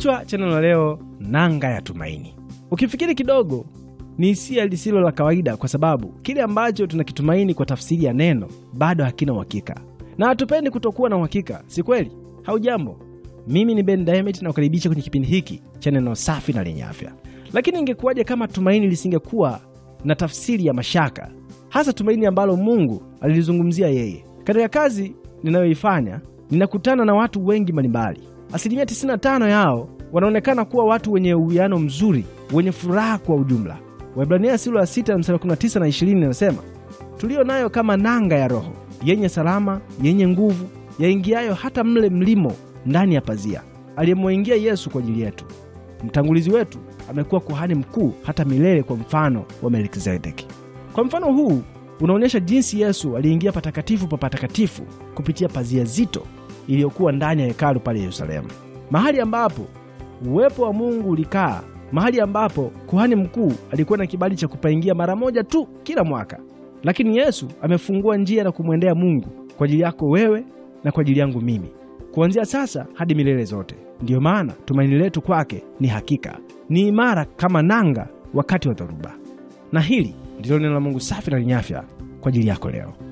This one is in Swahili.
Kichwa cha neno leo, nanga ya tumaini. Ukifikiri kidogo, ni hisia lisilo la kawaida, kwa sababu kile ambacho tunakitumaini kwa tafsiri ya neno bado hakina uhakika, na hatupendi kutokuwa na uhakika, si kweli? Haujambo, mimi ni Ben Dynamite na kukaribisha kwenye kipindi hiki cha neno safi na lenye afya. Lakini ingekuwaje kama tumaini lisingekuwa na tafsiri ya mashaka, hasa tumaini ambalo Mungu alilizungumzia yeye? Katika kazi ninayoifanya ninakutana na watu wengi mbalimbali. Asilimia 95 yao wanaonekana kuwa watu wenye uwiano mzuri, wenye furaha kwa ujumla. Waebrania sura ya 6 mstari 19 na inasema, tuliyo nayo kama nanga ya Roho, yenye salama, yenye nguvu, yaingiayo hata mle mlimo ndani ya pazia, aliyemwingia Yesu kwa ajili yetu. Mtangulizi wetu amekuwa kuhani mkuu hata milele kwa mfano wa Melkizedeki. Kwa mfano huu unaonyesha jinsi Yesu aliingia patakatifu pa patakatifu kupitia pazia zito iliyokuwa ndani ya hekalu pale Yerusalemu, mahali ambapo uwepo wa Mungu ulikaa mahali ambapo kuhani mkuu alikuwa na kibali cha kupaingia mara moja tu kila mwaka, lakini Yesu amefungua njia na kumwendea Mungu kwa ajili yako wewe na kwa ajili yangu mimi, kuanzia sasa hadi milele zote. Ndiyo maana tumaini letu kwake ni hakika, ni imara kama nanga wakati wa dhoruba. Na hili ndilo neno la Mungu safi na lenye afya kwa ajili yako leo.